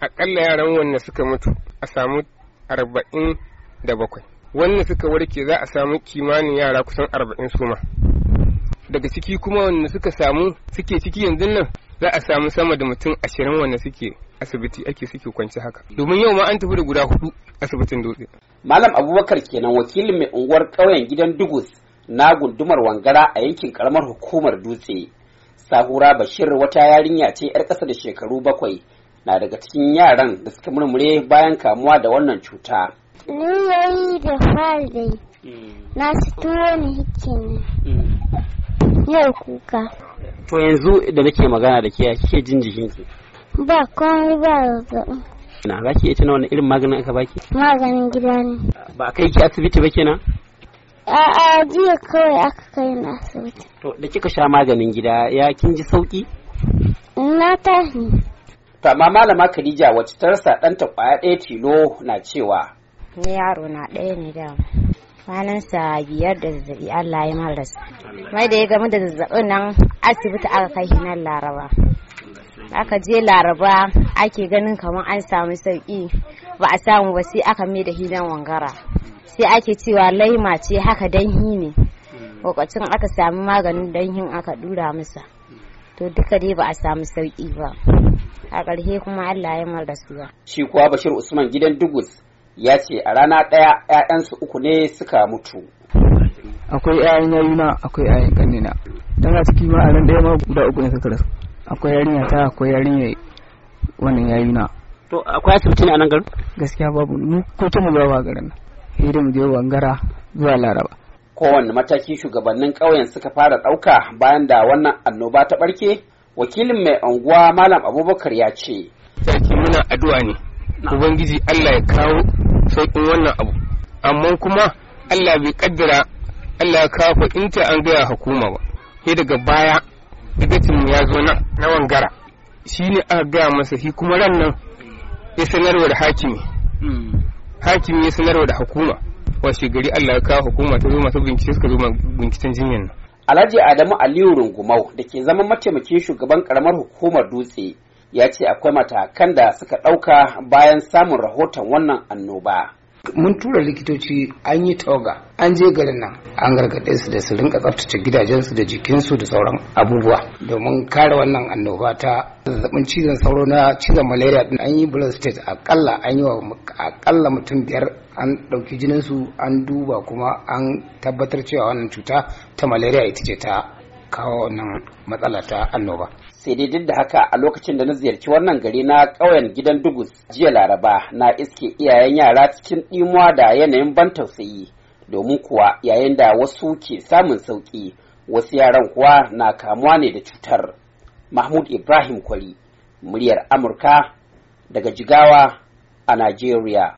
akalla yaran wanda suka mutu a samu arba'in da bakwai wanda suka warke za a samu kimanin yara kusan arba'in suma daga ciki kuma wanda suka samu suke ciki yanzu nan za a samu sama da mutum ashirin wanda suke asibiti ake suke kwanci haka domin yau ma an tafi da guda hudu asibitin dutse malam abubakar kenan wakilin mai unguwar ƙauyen gidan dugus na gundumar wangara a yankin karamar hukumar dutse sahura bashir wata yarinya ce 'yar ƙasa da shekaru bakwai na daga cikin yaran da suka murmure bayan kamuwa da wannan cuta. yi da fari hmm. na su tuwo ne hikin hmm. yau kuka. To yanzu da nake magana da ke kike jin jikinki? Ba komai ba zazzaɓi. Na za ki iya tuna wani irin maganin aka baki? Maganin gida ne. Ba kai ki asibiti ba kenan? A'a jiya kawai aka kai na asibiti. To da kika sha maganin gida ya kin ji sauki? Na tashi. To amma malama Khadija wacce ta rasa ɗanta ƙwaya ɗaya tilo na cewa. Ni yaro na ɗaya ne da kwanansa biyar da zazzabi Allah ya su. Mai da ya gamu da zazzabin nan asibiti aka kai shi nan Laraba. Aka je Laraba ake ganin kamar an samu sauƙi ba a samu ba sai aka mai da hidan wangara. Sai ake cewa laima ce haka danhi ne. Hmm. Lokacin aka sami maganin danhin aka ɗura masa. To duka dai ba a samu sauƙi ba. a ƙarshe kuma Allah ya mar rasuwa. Shi kuwa Bashir Usman gidan Dugus ya ce a rana ɗaya 'ya'yansu uku ne suka mutu. Akwai 'ya'yan yayuna akwai 'ya'yan ƙanina. Dan a ciki ma a ran ɗaya ma guda uku ne suka rasu. Akwai yarinya ta akwai yarinya wannan yayuna. To akwai asibiti ne a nan garin? Gaskiya babu mu ko ta mu ba garin. Hidin mu je wangara zuwa Laraba. Kowanne mataki shugabannin ƙauyen suka fara ɗauka bayan da wannan annoba ta ɓarke wakilin mai unguwa malam abubakar ya ce sarki muna addu'a ne ubangiji allah ya kawo sauƙin wannan abu amma kuma allah bai kaddara allah ya kawo inta an gaya hukuma ba sai daga baya dagacin ya zo na na wangara shi ne aka gaya masa shi kuma ran nan ya sanarwa da hakimi hmm. hakimi ya sanarwa da hukuma washe gari allah ya kawo hukuma ta zo masu bincike suka zo binciken jinyar nan Alhaji Adamu Aliyu Rungumau da ke zama mataimakin shugaban karamar hukumar dutse ya ce akwai matakan da suka ɗauka bayan samun rahoton wannan annoba. mun tura likitoci an yi tawaga an je garin nan an gargaɗe su da su rinka tsaftace gidajensu da jikinsu da sauran abubuwa domin kare wannan annoba ta zazzabin cizon sauro na cizon malaria din an yi blood state akalla an yi wa akalla mutum biyar an ɗauki jininsu an duba kuma an tabbatar cewa wannan cuta ta malaria ita ce ta kawo wannan matsala ta annoba. sai dai duk da haka a lokacin da na ziyarci wannan gari na ƙauyen gidan dugus jiya laraba na iske iyayen yara cikin ɗimuwa da yanayin ban tausayi domin kuwa yayin da wasu ke samun sauƙi wasu yaran kuwa na kamuwa ne da cutar mahmud ibrahim kwari muryar amurka daga jigawa a najeriya